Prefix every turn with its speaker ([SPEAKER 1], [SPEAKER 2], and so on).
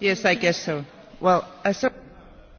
[SPEAKER 1] yes i guess so.
[SPEAKER 2] well i